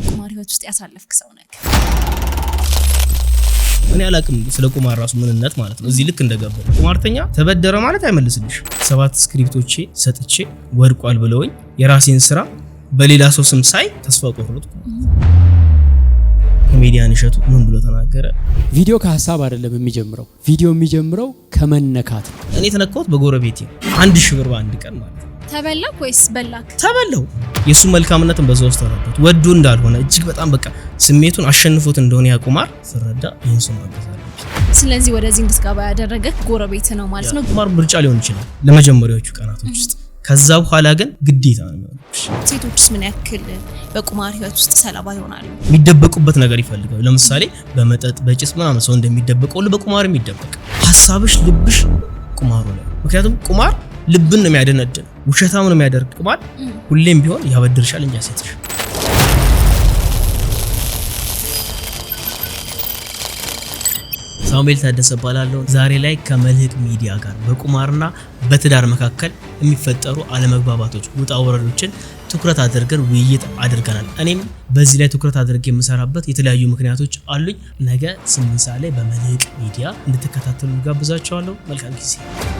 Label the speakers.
Speaker 1: በቁማር ህይወት ውስጥ ያሳለፍክ ሰው ነህ።
Speaker 2: እኔ አላቅም ስለ ቁማር ራሱ ምንነት ማለት ነው። እዚህ ልክ እንደገባ ቁማርተኛ ተበደረ ማለት አይመልስልሽ። ሰባት ስክሪፕቶቼ ሰጥቼ ወድቋል ብለውኝ የራሴን ስራ በሌላ ሰው ስም ሳይ ተስፋ ቆርጥኩ። ኮሜዲያን እሸቱ ምን ብሎ ተናገረ?
Speaker 3: ቪዲዮ ከሀሳብ አይደለም የሚጀምረው። ቪዲዮ የሚጀምረው ከመነካት ነው።
Speaker 2: እኔ የተነካሁት በጎረቤቴ አንድ ሺህ ብር በአንድ ቀን ማለት ነው።
Speaker 1: ተበላክ ወይስ በላክ?
Speaker 2: ተበላው። የእሱ መልካምነትን በዛ ውስጥ ተረዳሁት። ወዶ እንዳልሆነ እጅግ በጣም በቃ ስሜቱን አሸንፎት እንደሆነ ያቁማር ስረዳ ይህን ሰው ማገዛለ።
Speaker 1: ስለዚህ ወደዚህ እንድትገባ ያደረገ ጎረቤት ነው ማለት ነው።
Speaker 2: ቁማር ምርጫ ሊሆን ይችላል ለመጀመሪያዎቹ ቀናቶች ውስጥ። ከዛ በኋላ ግን ግዴታ ነው።
Speaker 1: ሴቶችስ ምን ያክል በቁማር ህይወት ውስጥ ሰለባ ይሆናሉ?
Speaker 2: የሚደበቁበት ነገር ይፈልጋሉ። ለምሳሌ በመጠጥ በጭስ ምናምን ሰው እንደሚደበቅ ሁሉ በቁማር የሚደበቅ ሀሳብሽ፣ ልብሽ ቁማሩ ላይ ምክንያቱም ቁማር ልብን ነው የሚያደነድን፣ ውሸታም ነው የሚያደርግ። ቁማር ሁሌም ቢሆን ያበድርሻል እንጂ ሴትሽ ሳሙኤል ታደሰ እባላለሁ። ዛሬ ላይ ከመልህቅ ሚዲያ ጋር በቁማርና በትዳር መካከል የሚፈጠሩ አለመግባባቶች፣ ውጣ ውረዶችን ትኩረት አድርገን ውይይት አድርገናል። እኔም በዚህ ላይ ትኩረት አድርጌ የምሰራበት የተለያዩ ምክንያቶች አሉኝ። ነገ ስምንት ሰዓት ላይ በመልህቅ ሚዲያ እንድትከታተሉ ጋብዛቸዋለሁ። መልካም ጊዜ